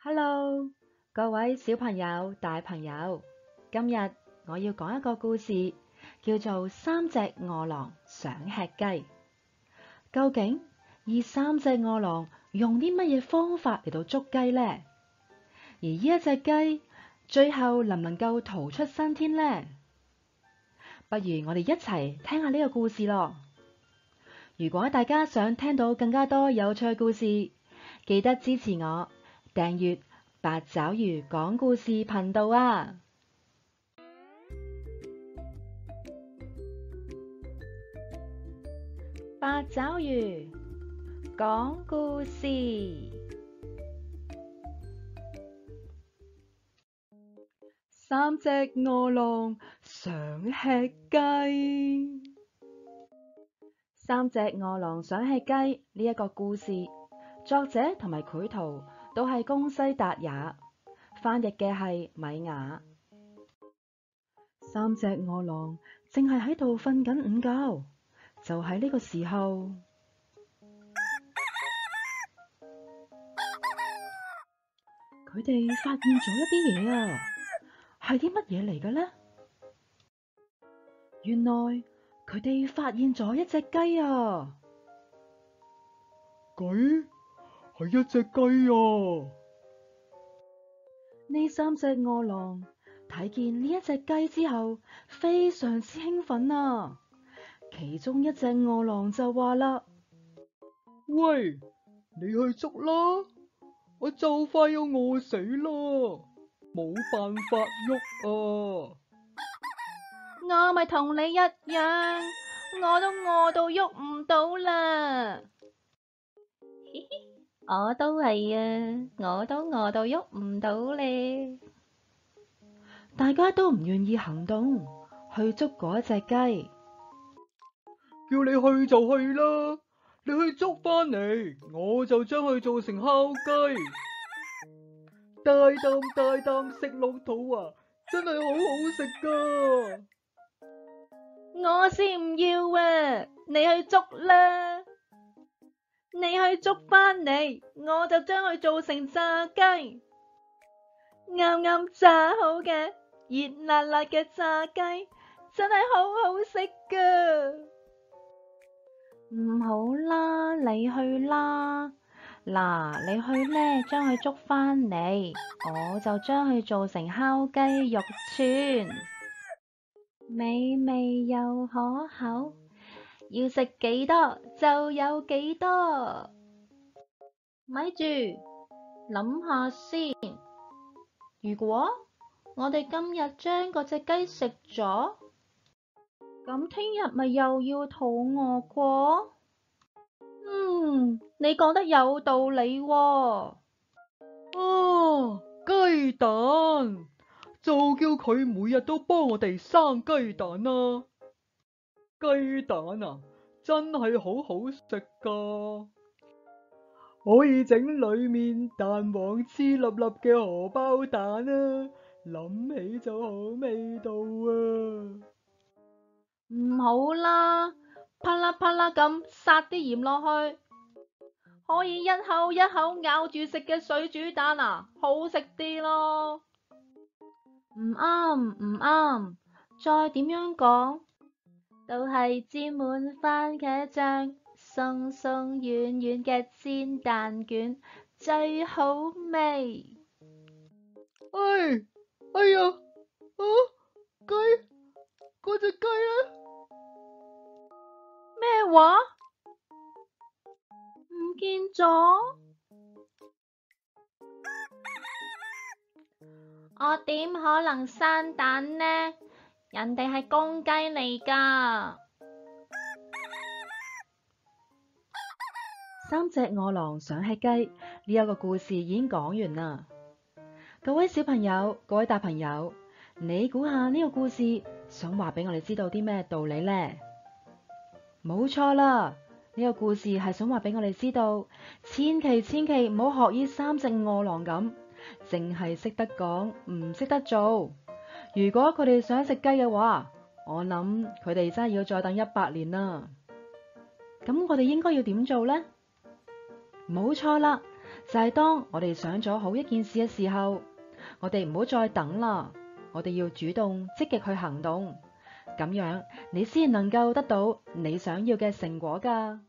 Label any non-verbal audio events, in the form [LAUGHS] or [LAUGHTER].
Hello，各位小朋友、大朋友，今日我要講一個故事，叫做《三隻餓狼想吃雞》。究竟以三隻餓狼用啲乜嘢方法嚟到捉雞呢？而呢一隻雞最後能唔能夠逃出生天呢？不如我哋一齊聽下呢個故事咯。如果大家想聽到更加多有趣故事，記得支持我。訂閱八爪魚講故事頻道啊！八爪魚講故事。三隻餓狼想吃雞。三隻餓狼想吃雞呢一個故事，作者同埋繪圖。都係宮西達也，翻譯嘅係米雅。三隻餓狼正係喺度瞓緊午覺，就喺呢個時候，佢哋、啊啊啊、發現咗一啲嘢啊，係啲乜嘢嚟嘅呢？原來佢哋發現咗一隻雞啊！佢？係一隻雞啊！呢三隻餓狼睇見呢一隻雞之後，非常之興奮啊！其中一隻餓狼就話啦：喂，你去捉啦，我就快要餓死啦，冇辦法喐啊！我咪同你一樣，我都餓到喐唔到啦。我都係啊，我都餓到喐唔到咧。大家都唔願意行動去捉嗰隻雞。叫你去就去啦，你去捉返嚟，我就將佢做成烤雞，大啖大啖食落肚啊，真係好好食噶。我先唔要啊，你去捉啦。去捉返嚟，我就將佢做成炸雞，啱啱炸好嘅，熱辣辣嘅炸雞，真係好好食噶唔好啦，你去啦，嗱，你去咧，將佢捉返嚟，我就將佢做成烤雞肉串，美味又可口。要食幾多就有幾多，咪住諗下先。如果我哋今日將嗰隻雞食咗，咁聽日咪又要肚餓過？嗯，你講得有道理喎、哦。哦、啊，雞蛋就叫佢每日都幫我哋生雞蛋啊。雞蛋啊，真係好好食噶，可以整裏面蛋黃黐粒粒嘅荷包蛋啊，諗起就好味道啊。唔好啦，啪啦啪啦咁撒啲鹽落去，可以一口一口咬住食嘅水煮蛋啊，好食啲咯。唔啱唔啱，再點樣講？就係沾滿番茄醬，鬆鬆軟軟嘅煎蛋卷，最好味。哎，哎呀，啊，雞，嗰隻雞啊？咩話麼？唔見咗？ [LAUGHS] 我點可能生蛋呢？人哋係公雞嚟噶，三隻餓狼想吃雞。呢一個故事已經講完啦。各位小朋友，各位大朋友，你估下呢個故事想話俾我哋知道啲咩道理呢？冇錯啦，呢個故事係想話俾我哋知道，千祈千祈唔好學呢三隻餓狼咁，淨係識得講，唔識得做。如果佢哋想食雞嘅話，我諗佢哋真係要再等一百年啦。咁我哋應該要點做呢？冇錯啦，就係當我哋想咗好一件事嘅時候，我哋唔好再等啦，我哋要主動積極去行動，咁樣你先能夠得到你想要嘅成果噶。